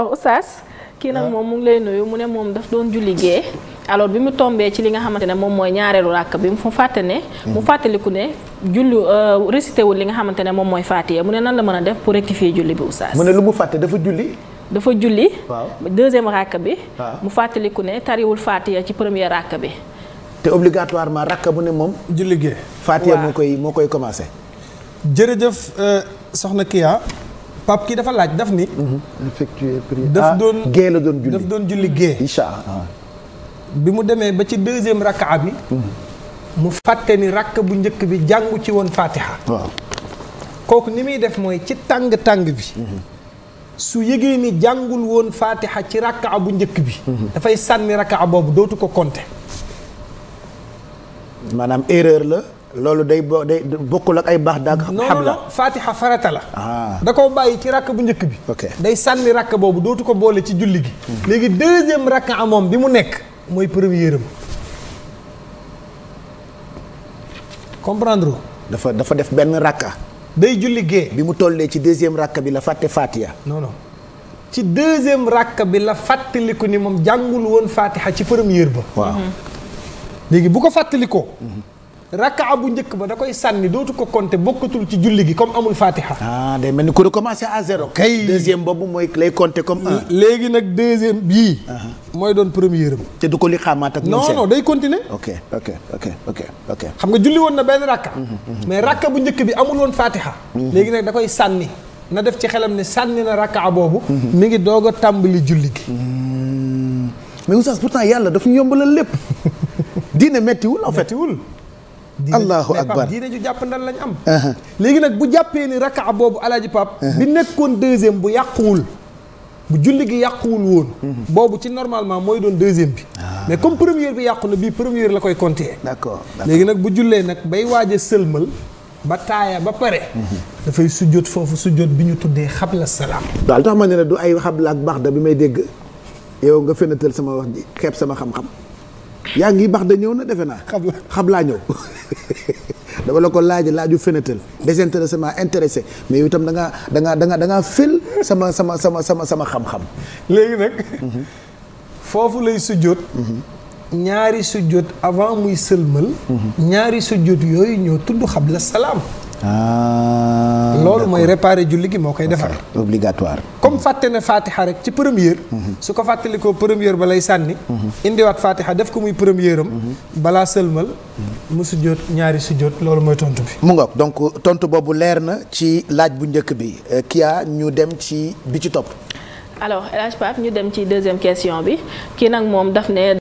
alors Oustaz. kii nag ah. moom mu ngi lay nuyu mu ne moom daf doon julli gee alors bi mu tombee ci li nga xamante ne moom mooy ñaareelu ràkk bi mu fàtte ne. mu mhm. fàttaliku ne julli euh, récité wul li nga xamante ne moom mooy fàttiyee mu ne nan la mën a def pour rectifier julli bi Oustaz. mu ne lu mu fàtte dafa julli. dafa julli. deuxième ràkk bi. Ah. mu fàttaliku ne tariwul fàttiyee ci première ràkk bi. te obligatoirement ràkk bu ne moom. julli gee. fàttiyee moo koy moo koy commencé. jërëjëf euh, soxna Kia. pap kii dafa laaj daf ni. effectuer mhm. prière daf ah, doon gée la doon julli daf doon ah. bi mu demee ba ci deuxième rakka bi. Mhm. mu fàtte ni rakk bu njëkk bi jàngu ci woon fatiha. kooku ni muy def mooy ci tàng tàng bi. Mhm. su yëgee ni jàngul woon fatiha ci rakka bu njëkk bi. dafay sànni rakka boobu dootu ko compter. maanaam erreur la. loolu day bo day bokkul ak ay baax daag. xam la non non farata la. Ah. da koo bàyyi ci rakk bu njëkk bi. day sànni rakk boobu dootu ko boole ci julli gi. Hmm. léegi deuxième rakk amoom bi mu nekk mooy première am comprendre dafa dafa def benn rakka. day julli gee. bi mu tollee ci deuxième rakka bi la fàtte faatiya non non ci deuxième rakka bi la fàttaliku ni moom jàngul woon Fatiha ci première ba. waaw léegi bu ko fàttalikoo. Hmm. rakka bu njëkk ba da koy sànni dootu ko compter bokkatul ci julli gi comme amul fatiha. Ah, day mel ni ku recommencer à zéro. kay deuxième boobu mooy lay compter comme un. léegi nag deuxième bii. Uh-huh. mooy doon première am. te du ko li xaamaat ak. non non day continuer. xam nga julli woon na benn rakka. Mm-hmm, mm-hmm. mais rakka bu njëkk bi amul woon fatiha. Mm-hmm. léegi nag da koy sànni. na def ci xelam ne sànni na rakka boobu. mi ngi doog a tàmbali julli gi. mais oustaz pourtant yàlla dafa ñu la lépp. diine méttiwul en fait. allahu akbar diine ju jàpp ndal lañ am léegi nag bu jàppee ni rakaa boobu alaaji pap bi nekkoon deuxième bu yàquwul bu julli gi yàquwul woon mhm. boobu ci normalement mooy doon deuxième bi ah. mais comme première bi yàqu na bii première la koy compter d'accord léegi nag bu jullee nag bay waaj a sëlmal ba taaya ba pare. Mhm. dafay sujjóot foofu sujjóot bi ñu tuddee xabla salaam. daal tax ma ne la du ay xabla ak baax da bi may dégg yow nga fenatal sama wax ji xeeb sama xam-xam. yaa ngi bax da ñëw na defe naa. xam la laa ñëw. dama la ko laaj laaju fenetal désintéressement intéressé mais yow itam da ngaa da danga da fil sama sama sama sama sama xam-xam. léegi nag. Mhm. foofu lay sujjóot. Mhm. ñaari sujjóot avant muy sëlmal. Mhm. ñaari sujjóot yooyu ñoo tudd xabla salaam. Ah, loolu mooy réparer julli gi moo koy defar obligatoire comme fàtte na faatixa rek ci première mhm. su ko fàttalikoo première ba lay sànni mhm. indiwaat faatixa def ko muy première am mhm. balaa sëlmal mu sujjóot ñaari sujjóot loolu mooy tontu bi mu ngoog donc tontu boobu leer na ci laaj bu njëkk bi euh, Kia ñu dem ci bi ci topp alors El Hadj ñu dem ci deuxième question bi ki nag moom daf ne